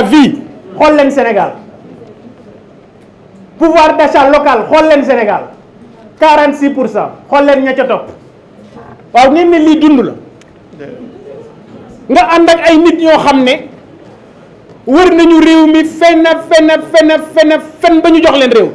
à vie xool leen Sénégal pouvoir d'achat local xool leen Sénégal 46 pour cent xool leen ña ca topp waaw ngeen ne lii dund la nga ànd ak ay nit ñoo xam ne wër nañu réew mi fenn fenn fenn fenn fenn ba ñu jox leen réew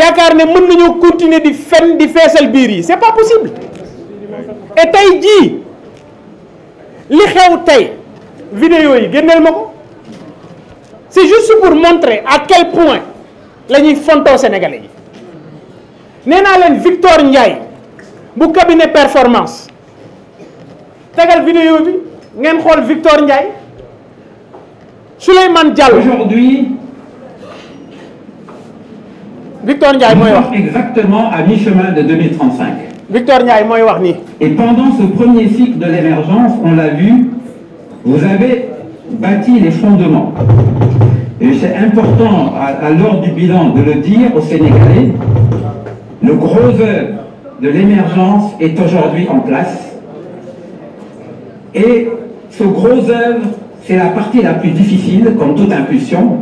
yaakaar ne mën nañoo continuer di fen di feesal biir yi c'est pas possible et tey jii li xew tey vidéo yi génneel ma ko c'est juste pour montrer à quel point la ñuy fontoo Sénégalais yi nee naa leen Victor Ndiaye bu cabinet performance tegal vidéo bi ngeen xool Victor Ndiaye Souleymane Diallo aujourd'hui Victor Ndiaye mooy wax exactement à mi-chemin de 2035 Victor Ndiaye mooy wax nii et pendant ce premier cycle de l'émergence on l'a vu vous avez bâtit les fondements. Et c'est important, à, à l'heure du bilan, de le dire aux Sénégalais, le gros œuvre de l'émergence est aujourd'hui en place. Et ce gros œuvre, c'est la partie la plus difficile, comme toute impulsion.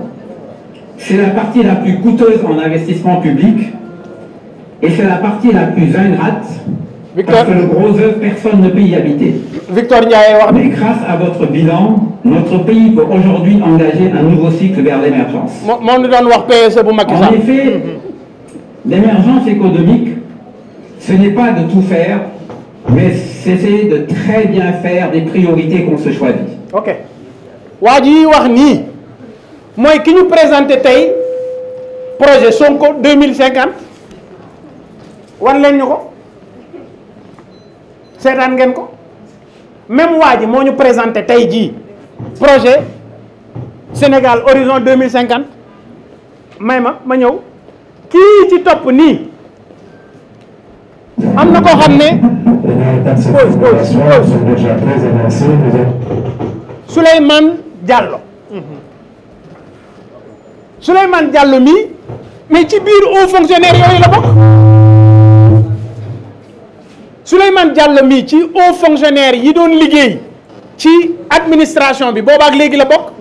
C'est la partie la plus coûteuse en investissement public. Et c'est la partie la plus ingrate, Victor parce que de gros œufs, personne ne peut y habiter. Victor Ndiaye wax. mais grâce à votre bilan notre pays peut aujourd'hui engager un nouveau cycle vers l'émergence. moo ñu wax PSE bu Macky Sall. en effet mm-hmm. l'émergence économique ce n'est pas de tout faire mais c'est de très bien faire des priorités qu'on se choisit. ok waa ji wax ni mooy ki ñu présenté tey projet Sonko 2050 wan leen ñu ko. seetaan ngeen ko même waa ji moo ñu présenté tey jii projet Sénégal horizon deux mille cinquante may ma ma ñëw kii ci topp nii am na koo xam ne pause pause pause Souleymane mii mais ci biir haut fonctionnaire yooyu la bokk Souleymane Diallo mii ci haut fonctionnaire yi doon liggéey ci administration bi ak léegi la bokk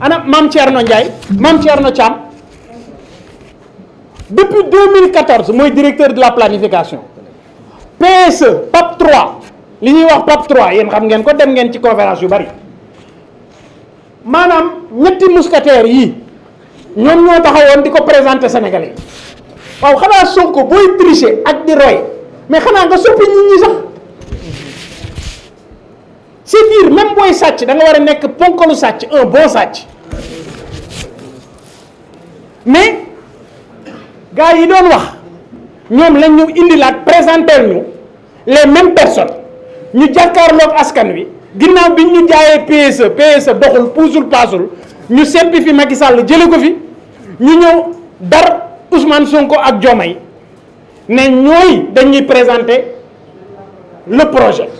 ana Mame Thierno Ndiaye Mame Thierno Thiam depuis 2014 mooy directeur de la planification PSE PAP 3 li ñuy wax PAP 3 yéen xam ngeen ko dem ngeen ci conférence yu bari maanaam ñetti mousquetaires yi ñoom ñoo taxawoon di ko présenter Sénégalais yi waaw xanaa ko booy tricher ak di roy mais xanaa nga soppi nit ñi sax c'est dire même booy sàcc da war a nekk ponkalu sàcc un bon sàcc mais gars yi doon wax ñoom lañ ñu indilaat présenter ñu les mêmes personnes ñu jàkkaarloog askan wi ginnaaw bi ñu jaayee PSE PSE doxul puusul paasul ñu seppi fi Macky Sall jële ko fi ñu ñëw dar Ousmane Sonko ak Diomaye ne ñooy dañuy présenter le projet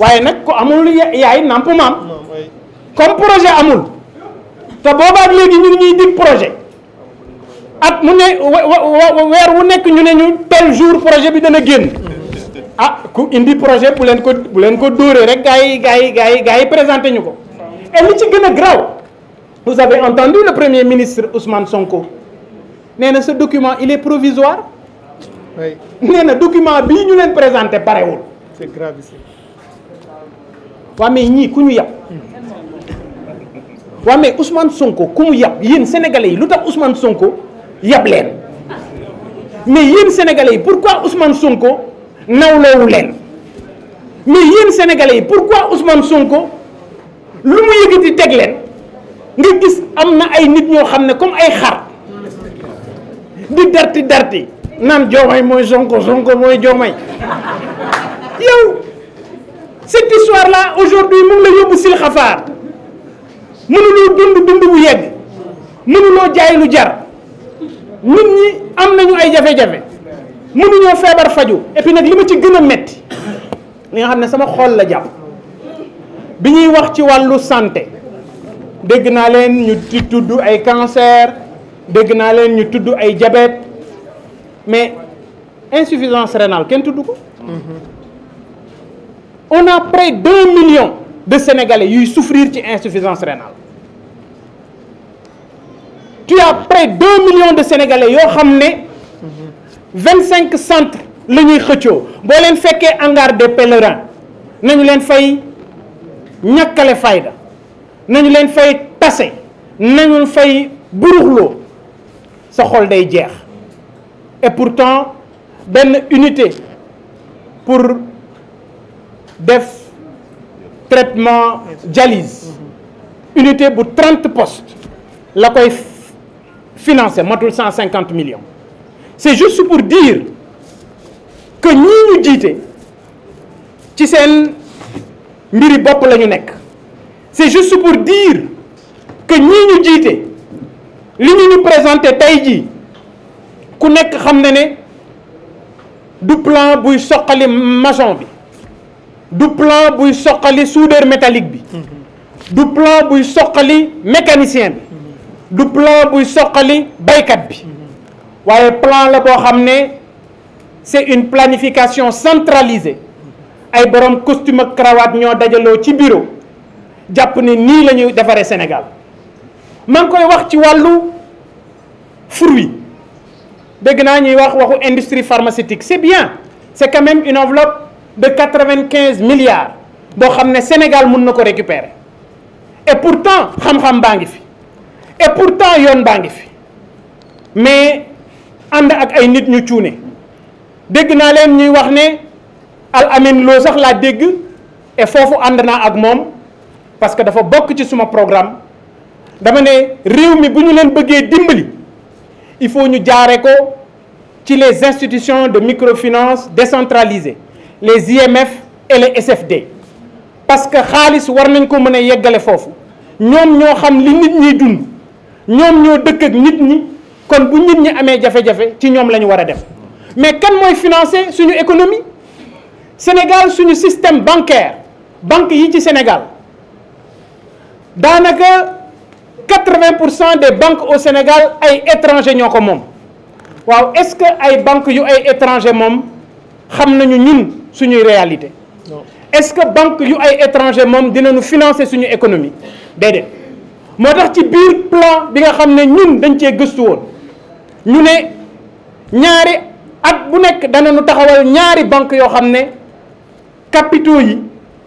waaye nag ku amul yaay nàmp maam comme projet amul te boobaak léegi ñu ñuy dig projet at mu ne weer wu nekk ñu ne ñu tel jour projet bi dana génn ah ku indi projet bu leen ko bu leen ko dóoree rek gars yi gars yi gars yi gars yi présenté ñu ko et li ci gën a grave vous avez entendu le premier ministre Ousmane Sonko nee na ce document il est provisoire nee na document bi ñu leen présenté parewul. c'est gravissime. waa mais ñii ku ñu yab. waa mais Ousmane Sonko ku mu yab yéen sénégalais yi lu tax Ousmane Sonko yab leen mais yéen sénégalais yi pourquoi Ousmane Sonko nawloowu leen mais yéen sénégalais yi pourquoi Ousmane Sonko lu mu yëkkati teg leen nga gis am na ay nit ñoo xam ne comme ay xar di darti darti. naan joomay mooy sonko sonko mooy joomay yow cette histoire laa aujourd'hui mu la yóbbu sil xafaar mënuloo dund dund bu yegg mënuloo jaay lu jar nit ñi am nañu ay jafe-jafe mënuñoo feebar faju et puis nag li ma ci gën a metti li nga xam ne sama xool la jàpp bi ñuy wax ci wàllu sante dëgg naa leen ñu tudd ay cancer dëgg naa leen ñu tudd ay jabet mais insuffisance rénale kenn tudd ko. on a près d'un million de sénégalais yuy souffrir ci insuffisance rénale. tu as près d'un million de sénégalais yoo xam ne vingt cinq centres la ñuy xëccoo boo leen fekkee hangar de pèlerins nañu leen fay ñàkkale fayda nañu leen fay tase nañu fay buruxloo sa xol day jeex. et pourtant benn unité pour def traitement dialyse unité bu trente postes la koy financé matul 150 millions c'est juste pour dire que ñii ñu jiite ci seen mbiri bopp la ñu nekk c'est juste pour dire que ñii ñu jiite li ñu ñu présenté tey jii ku nekk xam na ne du plan buy soqali maçon bi du plan buy soqali soudeur métallique bi du plan buy soqali mécanicien bi du plan buy soqali baykat bi waaye plan la boo xam ne c'est une planification centralisée ay borom costume ak cravate ñoo dajaloo ci bureau jàpp ne nii lañuy defaree Sénégal maa koy wax ci wàllu fruit dégg naa ñuy wax waxu industrie pharmaceutique c'est bien c'est quand même une enveloppe de quatre-vingt-quinze milliards boo xam ne Sénégal mun na ko récupérer et pourtant xam-xam baa ngi fi et pourtant yoon baa ngi fi mais ànd ak ay nit ñu cuune dégg naa leen ñuy wax ne al loo sax laa dégg et foofu ànd naa ak moom parce que dafa bokk ci suma programme dama ne réew mi bu ñu leen bëggee dimbali il faut ñu jaare ko ci les institutions de microfinance décentralisées les IMF et les SFD parce que xaalis war nañ ko mën a yeggale foofu ñoom ñoo xam li nit ñiy dund ñoom ñoo dëkk ak nit ñi kon bu nit ñi amee jafe-jafe ci ñoom la ñu war a def mais kan mooy financer suñu économie Sénégal suñu système bancaire banque yi ci Sénégal daanaka. 80 pour cent des au Sénégal ay étranger ñoo ko moom waaw est-ce que ay banque yu ay étranger moom xam nañu ñun suñuy réalité est-ce que banque yu ay étranger moom dinañu financer suñu économie déedéet moo tax ci biir plan bi nga xam ne ñun dañ cee gëstu woon ñu ne ñaari ak bu nekk dana danañu taxawal ñaari banques yoo xam ne capitau yi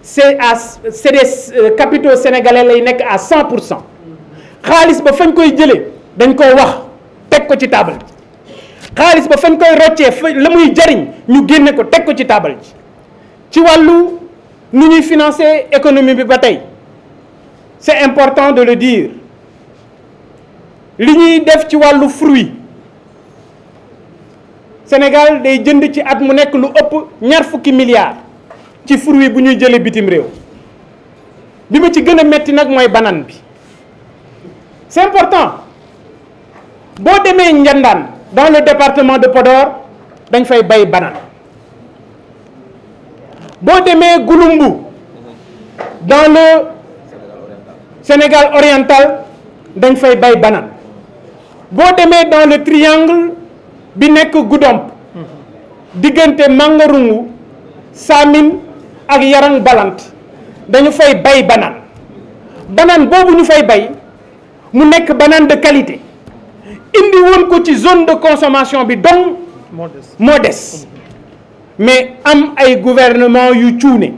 c'est à c'est des euh, capitaux sénégalais lay nekk à cent pour cent xaalis ba fañ koy jële dañ koo wax teg ko ci taabal ji xaalis ba fañ koy roccee fa la muy jariñ ñu génne ko teg ko ci taabal ji ci wàllu nu ñuy financer économie bi ba tey c'est important de le dire li ñuy def ci wàllu fruit Sénégal day jënd ci at mu nekk lu ëpp ñaar fukki milliards ci fruit bu ñuy jëlee bitim réew bi ma ci gën a metti nag mooy banane bi c'est important boo demee Ndiandane dans le département de Podor dañ fay bay banane boo demee Gouloumbou dans le Sénégal oriental dañ fay bay banane boo demee dans le triangle bi nekk Goudomp diggante Mangarungu Samin ak Yarang Balant dañu fay bay banane banane boobu ñu fay bay mu nekk banaan de qualité indi ko ci zone de consommation bi donc moo des mais am ay gouvernement yu cuune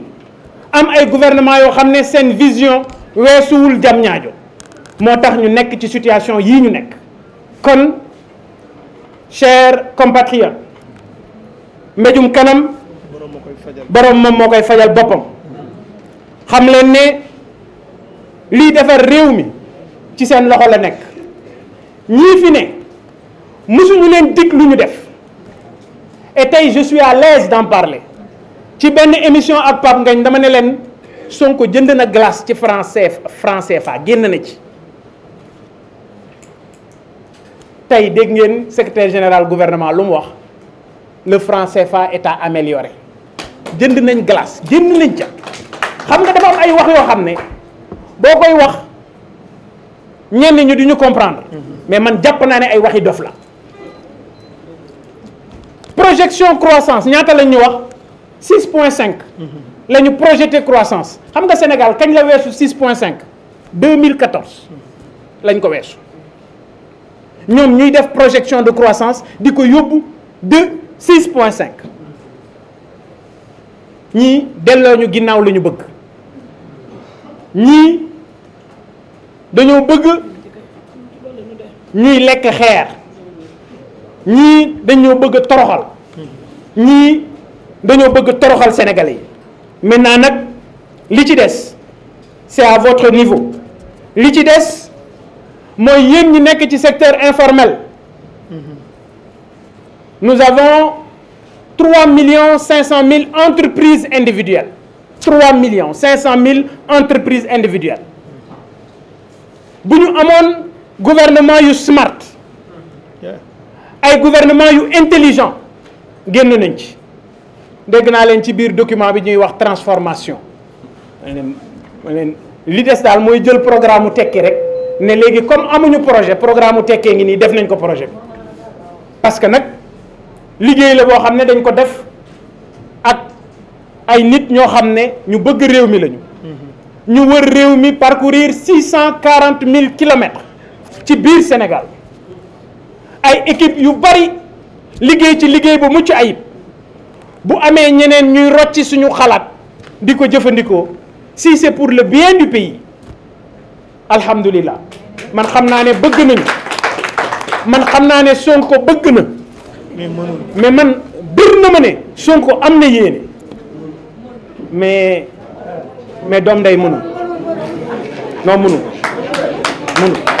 am ay gouvernement yoo xam ne seen vision weesuwul jam ñaajo moo tax ñu nekk ci situation yii ñu nekk kon chers compatriotes mbéjum kanam borom moom moo koy fajal boppam xam leen ne lii defar réew mi ci seen loxo la nekk ñii fi ne mësuñu leen dig lu ñu def et tey je suis à l'aise d'en parler ci benn émission ak Pape Ngagne dama ne leen Sonko jënd na glace ci français français fa génn na ci tey dégg ngeen secrétaire général gouvernement lu mu wax le français CFA est à améliorer jënd nañ glace jënd nañ ca xam nga dafa am ay wax yoo xam ne boo koy wax ñenn ñi duñu comprendre mais man jàpp naa ne ay waxi dof la projection croissance ñaata la ñu wax 6 point 5 la ñu projeté croissance xam nga Sénégal kañ la weesu 6 point 5 2014 lañ ko weesu ñoom ñuy def projection de croissance di ko yóbbu de 6 point cinq ñii delloo ñu ginnaaw la ñu bëgg ñii dañoo bëgg ñuy lekk xeer ñii dañoo bëgg toroxal ñii dañoo bëgg toroxal sénégalais yi maintenant nag li ci des c'est à votre niveau li ci des mooy yéen ñi nekk ci secteur informel nous avons trois millions cinq cent mille entreprises individuelles trois millions cinq cent mille entreprises individuelles bu ñu amoon gouvernement yu smart ay gouvernement yu intelligent génn nañ ci dégg naa leen ci biir document bi ñuy wax transformation ma leen li des daal mooy jël programme mu tekki rek ne léegi comme amuñu projet programme mu tekkee ngi nii def nañ ko projet bi parce que nag liggéey la boo xam ne dañ ko def ak ay nit ñoo xam ne ñu bëgg réew mi lañu ñu wër réew mi parcourir six cent quarante mille kilomètres ci biir Sénégal ay équipe yu bari liggéey ci liggéey bu mucc ayib bu amee ñeneen ñuy rocci suñu xalaat di ko jëfandikoo si c'est pour le bien du pays alhamdulillah man xam naa ne bëgg nañu man xam naa ne Sonko bëgg na mais man bir na ma ne Sonko am na yéene mais mais doom day mënu non mënu mënu